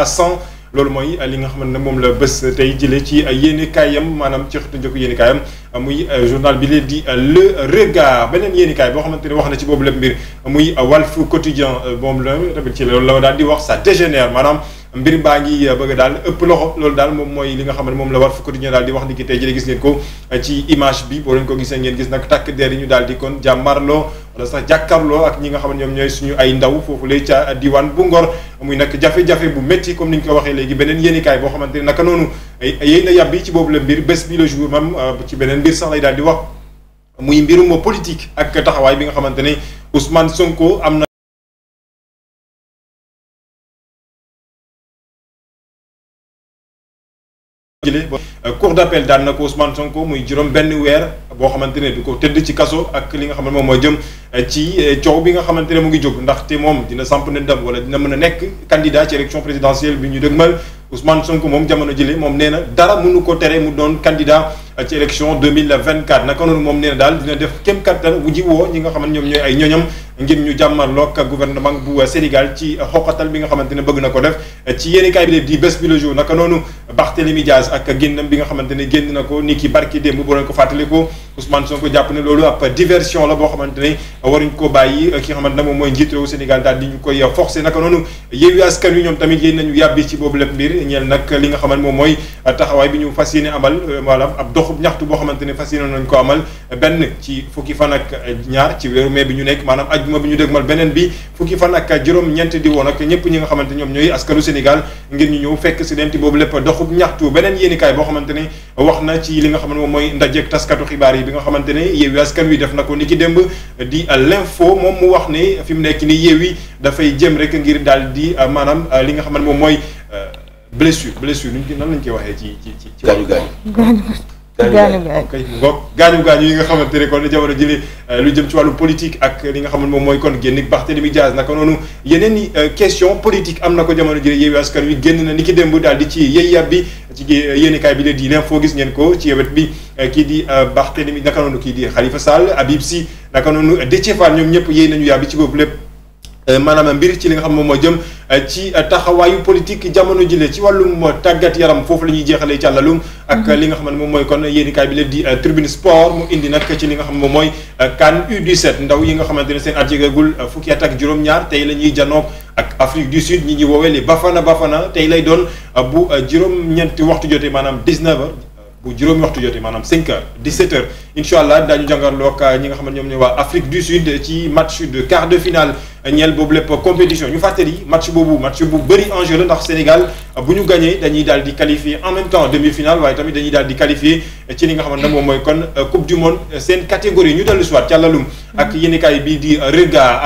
à 100 loolu mooy li nga xamante ne moom la bés tey jëlee ci yéeni kaayam maanaam ci xëtu njëkk yéeni kaayam muy euh, journal bi leen di euh, le regard beneen yéeni kaay boo xamante ne wax na ci boobu lépp mbir muy Walf Quotidien euh, moom la tamit ci loolu la daal di wax sa dégénère maanaam mbir baa ngi bëgg daal ëpp loxo loolu daal moom mooy li nga xam ne moom la Walf Quotidien daal di wax ni ki tey jëlee gis ngeen ko ci image bi boo leen ko gisee ngeen gis nag takk der yi ñu daal di kon jàmmarloo wala sax jàkkaarloo ak ñi nga xam ne ñoom ñooy suñu ay ndaw foofu lay ca diwaan bu Ngor muy nag jafe-jafe bu métti comme ni ñu ko waxee léegi beneen yéenikaay boo xamante ne naka noonu yéen a yàbbi ci boobu la mbir bés bi le jour même euh, ci beneen mbir sax lay daal di wax muy mbirum politique ak taxawaay bi nga xamante ne Ousmane Sonko am na. jëlee euh, cour d'appel daan na ko Ousmane Sonko muy juróom benn weer boo xamante ne du ko tëdd ci kaso ak li nga xam ne moom moo jëm euh, ci euh, coow bi nga xamante ne mu ngi jóg ndaxte moom dina samp ndëndam wala dina mën a nekk candidat ci élection présidentielle bi ñu dëgmal Ousmane Sonko moom jamono jëlee moom nee na dara mënu ko tere mu doon candidat ci élection 2024 naka noonu moom nee na daal dina def kéem kattan wu ji woo ñi nga xam ne ñoom ñooy ay ñoñam ngir ñu jàmmarloog gouvernement bu Sénégal ci xoqatal bi nga xamante ne bëgg na ko def ci yéeni kaay bi def di bés bi le naka noonu Barthélémy Diaz ak génnam bi nga xamante ne génn na ko ni ki barki démb bu leen ko fàttaliku Ousmane Sonko jàpp ne loolu ab diversion mooy njiit réewu Sénégal daal di ñu koy forcé naka noonu Yewwi Askan Wi ñoom tamit yéen nañu yàbbi ci boobu lépp mbir ñeel nag li nga xamante moom mooy taxawaay bi ñu fas yéene amal voilà ab doxub ñaxtu boo xamante ne fas yéene nañ ko amal benn ci fukki fan ak ñaar ci weeru bi ñu nekk maanaam ajuma bi ñu dégmal beneen bi fukki fan ak juróom-ñeent di woon ak ñëpp ñi nga xamante ñoom ñooy askanu Sénégal ngir ñu ñëw fekk si leen ci boobu lépp doxub ñaxtu beneen yéenikaay boo wax na ci li nga xam ne moom mooy ndajeek taskatu xibaar yi bi nga xamante ne Yewwi Askan Wi def na ko ni ki démb di l'info moom mu wax ni fi mu nekk ni Yewwi dafay jëm rek ngir daal di euh, maanaam euh, li nga xam ne moom mooy euh, blessure blessure nuñ nan lañ koy waxee ci ci ci. gaañu gaañu gaañu gaañu ok ngoog gaañu gaañu yi nga xamante ne kon jamono jëlee euh, lu jëm ci wàllu politique ak li nga xam ne moom mooy kon génn Barthélémy Diaz naka noonu yeneen i euh, question politique am na ko jamono jëlee Yewwi Askan Wi génn na ni ki démb daal di ci yey euh, yab bi ci yéenekaay bi la di foo gis ngeen ko ci wet bi kii di Barthélémy naka noonu kii di Khalifa Sall Habib Sy naka noonu Déthié Fall ñoom ñëpp yéey nañu yàbbi ci boobu lépp maanaam mbir ci li nga xam moom moo jëm ci taxawaayu politique jamono jile ci wàllum tàggat yaram foofu la ñuy jeexalee càllalum ak mhm. li nga xam ne moom mooy kon yéenikaay bi leen di euh, tribune sport mu indi nag ci li nga xam ne moom mooy euh, CAN U17 ndaw yi nga xamante ne seen at jegagul euh, fukki at ak juróom-ñaar tey la ñuy janoog ak Afrique du Sud ñi ñuy woowee li Bafana Bafana tey lay doon bu juróom-ñeenti waxtu jotee maanaam 19 heures bu juróomi waxtu jotee maanaam 5 heures 17 heures incha allah daañu euh, ñi nga xam ñoom ñooy waa Afrique du Sud ci match de quart de finale euh, ñeel boobu lépp compétition ñu fàttali match boobu match bu bëri enjeu la ndax Sénégal euh, bu ñu gagné dañuy daal di qualifié en même demi-finale waaye tamit dañuy daal di qualifié ci li nga xamante ne moom mooy kon coupe du monde seen catégorie ñu dellu si waat càllalum ak yéenekaay bii di regard